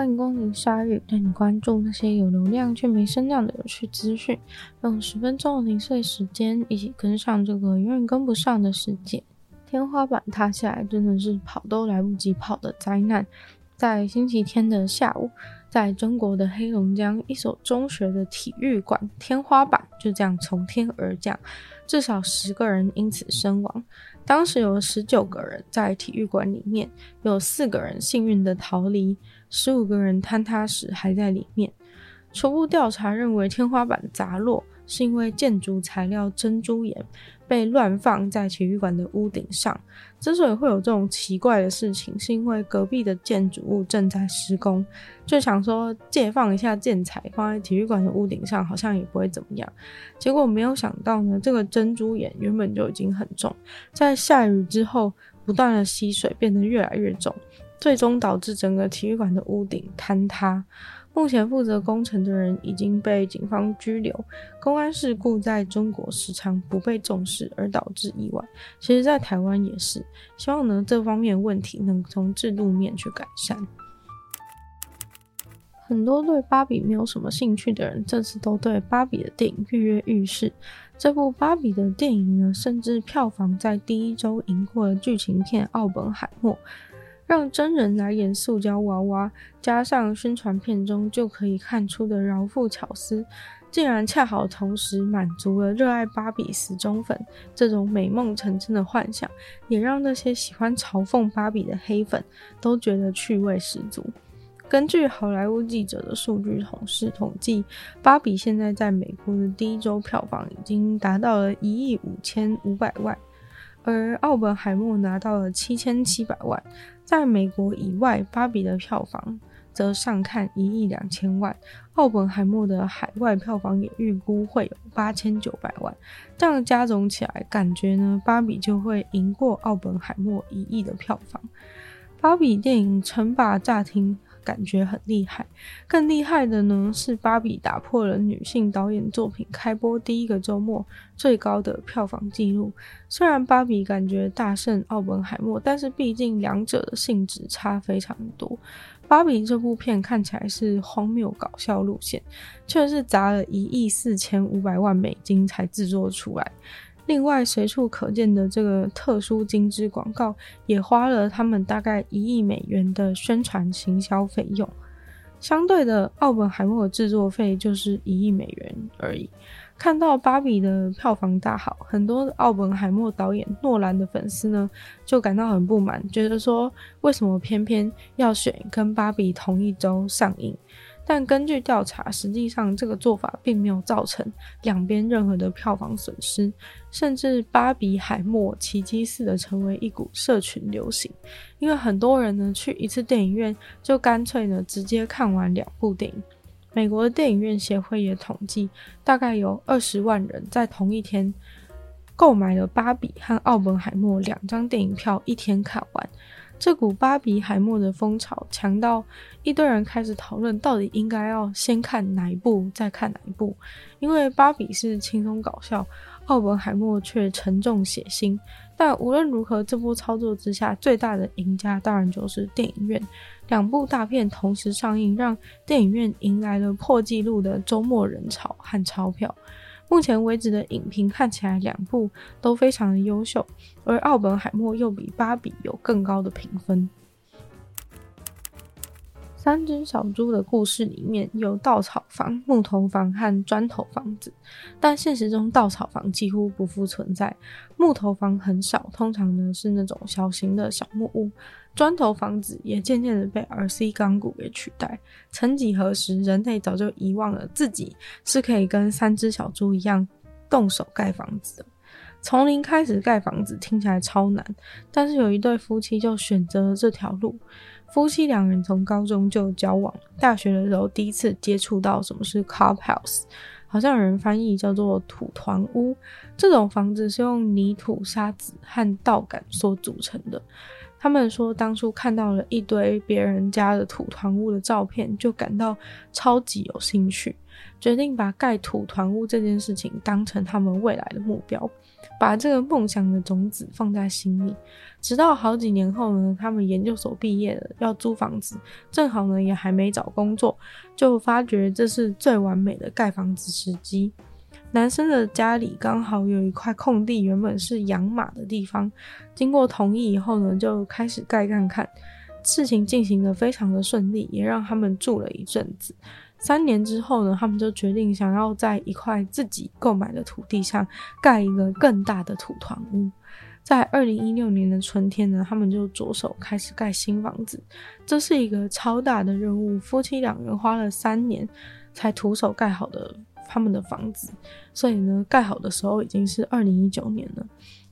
歡迎光臨鯊語，帶你關注那些有流量卻沒聲量的有趣資訊。用十分鐘的零碎時間，一起跟上這個永遠跟不上的世界。天花板塌下來，真的是跑都來不及跑的災難。在星期天的下午，在中國的黑龍江一所中學的體育館，天花板就這樣從天而降，至少十個人因此身亡。當時有十九個人在體育館裡面，有四個人幸運地逃離。十五個人坍塌時還在裡面。初步調查認為，天花板砸落是因為建築材料珍珠岩被亂放在體育館的屋頂上。之所以會有這種奇怪的事情，是因為隔壁的建築物正在施工，就想說借放一下建材，放在體育館的屋頂上，好像也不會怎麼樣。結果沒有想到呢，這個珍珠岩原本就已經很重，在下雨之後不斷的吸水，變得越來越重。最終導致整個體育館的屋頂坍塌。目前負責工程的人已經被警方拘留。公安事故在中國時常不被重視，而導致意外。其實，在台灣也是。希望呢，這方面問題能從制度面去改善。很多對芭比沒有什麼興趣的人，這次都對芭比的電影躍躍欲試。這部芭比的電影呢，甚至票房在第一周贏過了劇情片《奧本海默》。讓真人來演塑膠娃娃，加上宣傳片中就可以看出的饒富巧思，竟然恰好同時滿足了熱愛芭比死忠粉這種美夢成真的幻想，也讓那些喜歡嘲諷芭比的黑粉都覺得趣味十足。根據好萊塢記者的數據同時統計，芭比現在在美國的第一周票房已經達到了一億五千五百萬。而奧本海默拿到了七千七百萬，在美國以外，芭比的票房則上看一億兩千萬，奧本海默的海外票房也預估會有八千九百萬，這樣加總起來，感覺呢，芭比就會贏過奧本海默一億的票房，芭比電影稱霸炸聽。感覺很厲害，更厲害的呢是《芭比》打破了女性導演作品開播第一個周末最高的票房紀錄。雖然《芭比》感覺大勝《奧本海默》，但是畢竟兩者的性質差非常多，《芭比》這部片看起來是荒謬搞笑路線，卻是砸了一億四千五百萬美金才制作出來。另外，隨處可見的這個特殊精緻廣告也花了他們大概一億美元的宣傳行銷費用。相對的，奧本海默的製作費就是一億美元而已。看到芭比的票房大好，很多奧本海默導演諾蘭的粉絲呢就感到很不滿，覺得說為什麼偏偏要選跟芭比同一週上映？但根據調查，實際上這個做法並沒有造成兩邊任何的票房損失，甚至《芭比海默》奇跡似的成為一股社群流行，因為很多人呢去一次電影院就乾脆呢直接看完兩部電影。美國的電影院協會也統計，大概有二十萬人在同一天購買了《芭比》和《奧本海默》兩張電影票，一天看完。這股芭比海默的風潮強到一堆人開始討論，到底應該要先看哪一部，再看哪一部。因為芭比是輕鬆搞笑，奧本海默卻沉重血腥。但無論如何，這波操作之下，最大的贏家當然就是電影院。兩部大片同時上映，讓電影院迎來了破紀錄的週末人潮和鈔票。目前為止的影評看起來，兩部都非常的優秀，而奧本海默又比芭比有更高的評分。三只小豬的故事裡面有稻草房、木頭房和磚頭房子，但現實中稻草房幾乎不復存在，木頭房很少，通常呢是那種小型的小木屋。磚頭房子也漸漸的被 RC 鋼骨給取代。曾幾何時，人類早就遺忘了自己是可以跟三隻小豬一樣動手蓋房子的。從零開始蓋房子聽起來超難，但是有一對夫妻就選擇了這條路。夫妻兩人從高中就交往，大學的時候第一次接觸到什麼是 cob house，好像有人翻譯叫做土團屋。這種房子是用泥土、沙子和稻稈所組成的。他們說，當初看到了一堆別人家的土團屋的照片，就感到超級有興趣，決定把蓋土團屋這件事情當成他們未來的目標，把這個夢想的種子放在心裡。直到好幾年後呢，他們研究所畢業了，要租房子，正好呢也還沒找工作，就發覺這是最完美的蓋房子時機。男生的家裡剛好有一塊空地，原本是養馬的地方。經過同意以後呢，就開始蓋看看。事情進行得非常的順利，也讓他們住了一陣子。三年之後呢，他們就決定想要在一塊自己購買的土地上蓋一個更大的土團屋。在二零一六年的春天呢，他們就着手開始蓋新房子。這是一個超大的任務，夫妻兩人花了三年才徒手蓋好的。他們的房子，所以呢，蓋好的時候已經是二零一九年了。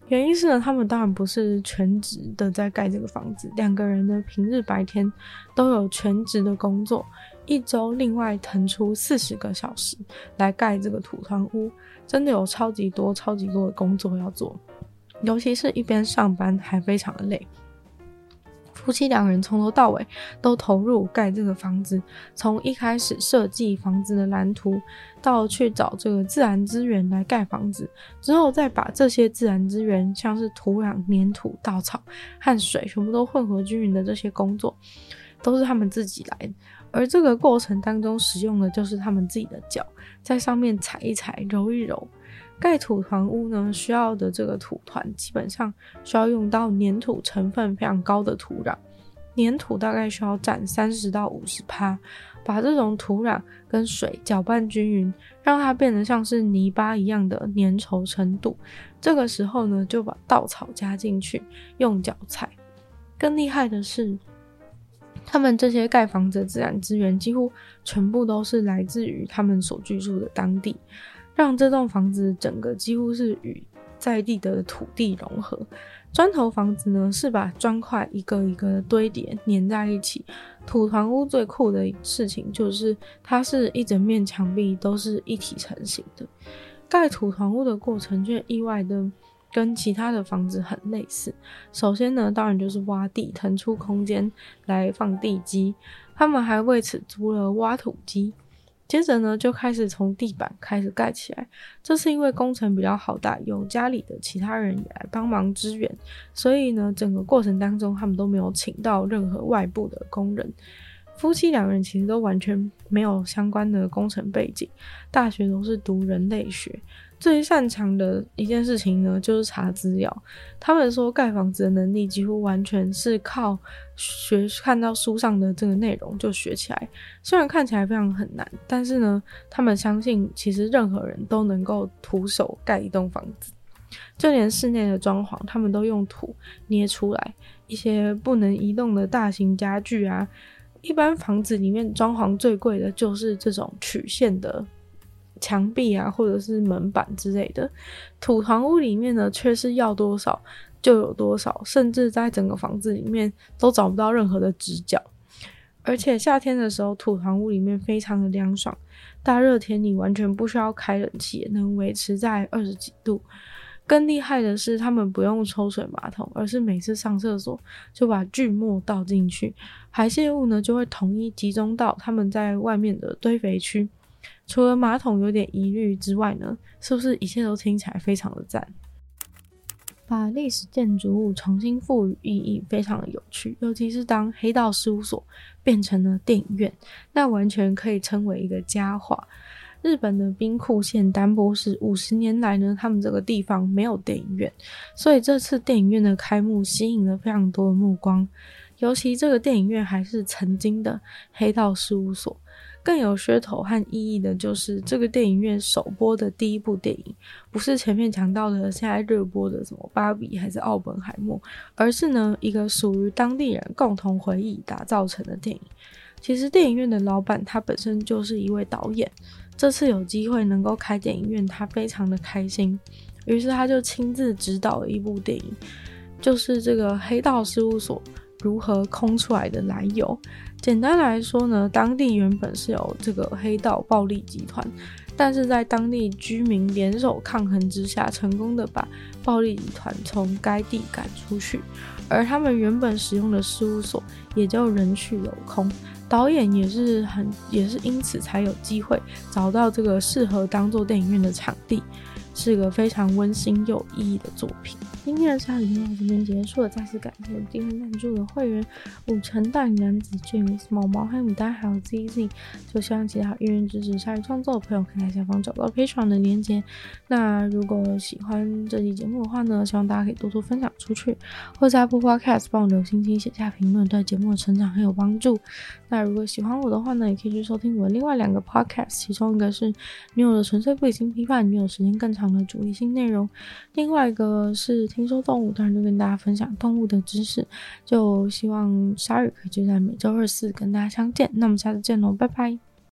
原因是呢，他們當然不是全職的在蓋這個房子，兩個人呢，平日白天都有全職的工作，一周另外騰出四十個小時來蓋這個土團屋，真的有超級多超級多的工作要做，尤其是一邊上班還非常的累。夫妻兩人從頭到尾都投入蓋這個房子，從一開始設計房子的藍圖，到去找這個自然資源來蓋房子，之後再把這些自然資源，像是土壤、粘土、稻草和水，全部都混合均勻的這些工作，都是他們自己來的。而這個過程當中使用的就是他們自己的腳，在上面踩一踩，揉一揉。蓋土團屋呢，需要的這個土團基本上需要用到粘土成分非常高的土壤，粘土大概需要佔三十到五十趴，把這種土壤跟水攪拌均勻，讓它變得像是泥巴一樣的粘稠程度。這個時候呢，就把稻草加進去，用腳踩。更厲害的是，他們這些蓋房子的自然資源幾乎全部都是來自於他們所居住的當地。讓這棟房子整個幾乎是與在地的土地融合。磚頭房子呢，是把磚塊一個一個堆疊粘在一起。土團屋最酷的事情就是，它是一整面牆壁都是一體成型的。蓋土團屋的過程卻意外地跟其他的房子很類似。首先呢，當然就是挖地，騰出空間來放地基。他們還為此租了挖土機。接着呢，就開始從地板開始蓋起來。這是因為工程比較好大，有家裡的其他人也來幫忙支援，所以呢，整個過程當中，他們都沒有請到任何外部的工人。夫妻兩人其實都完全沒有相關的工程背景，大學都是讀人類學，最擅長的一件事情呢，就是查資料。他們說蓋房子的能力幾乎完全是靠學，看到書上的這個內容就學起來。雖然看起來非常很難，但是呢，他們相信其實任何人都能夠徒手蓋一棟房子，就連室內的裝潢他們都用土捏出來一些不能移動的大型家具啊。一般房子裡面裝潢最貴的就是這種曲線的牆壁啊，或者是門板之類的。土團屋裡面呢，卻是要多少就有多少，甚至在整個房子裡面都找不到任何的直角。而且夏天的時候，土團屋裡面非常的涼爽，大熱天你完全不需要開冷氣，也能維持在二十幾度。更厲害的是，他們不用抽水馬桶，而是每次上廁所就把鋸末倒進去，排泄物呢就會統一集中到他們在外面的堆肥區。除了馬桶有點疑慮之外呢，是不是一切都聽起來非常的讚？把歷史建築物重新賦予意義，非常的有趣，尤其是當黑道事務所變成了電影院，那完全可以稱為一個佳話。日本的兵庫縣丹波市，五十年來呢，他們這個地方沒有電影院，所以這次電影院的開幕吸引了非常多的目光，尤其這個電影院還是曾經的黑道事務所。更有噱頭和意義的就是，這個電影院首播的第一部電影，不是前面講到的現在熱播的什麼《芭比》還是《奧本海默》，而是呢一個屬於當地人共同回憶打造成的電影。其實電影院的老闆他本身就是一位導演，這次有機會能夠開電影院，他非常的開心，於是他就親自執導了一部電影，就是這個《黑道事務所》如何空出來的來由。簡單來說呢，當地原本是有這個黑道暴力集團，但是在當地居民聯手抗衡之下，成功地把暴力集團從該地趕出去，而他們原本使用的事務所也就人去樓空。導演也是很，也是因此才有機會找到這個適合當做電影院的場地。是個非常溫馨有意義的作品。今天的鯊語到這邊結束了，再次感謝訂閱贊助的會員五成大男子 Jimmy、Small, 毛毛黑牡丹還有 Z Z。就希望其他願意支持鯊語創作的朋友可以在下方找到 Patreon 的鏈接。那如果喜歡這期節目的話呢，希望大家可以多多分享出去，或者在 Podcast 幫我留心心寫下評論，對節目的成長很有幫助。那如果喜歡我的話呢，也可以去收聽我的另外兩個 Podcast，其中一個是《女友的純粹不理性批判》，女友時間更長。的主題性內容，另外一個是聽說動物，當然就跟大家分享動物的知識，就希望鯊魚可以就在每周二四跟大家相見，那我們下次見嘍，拜拜。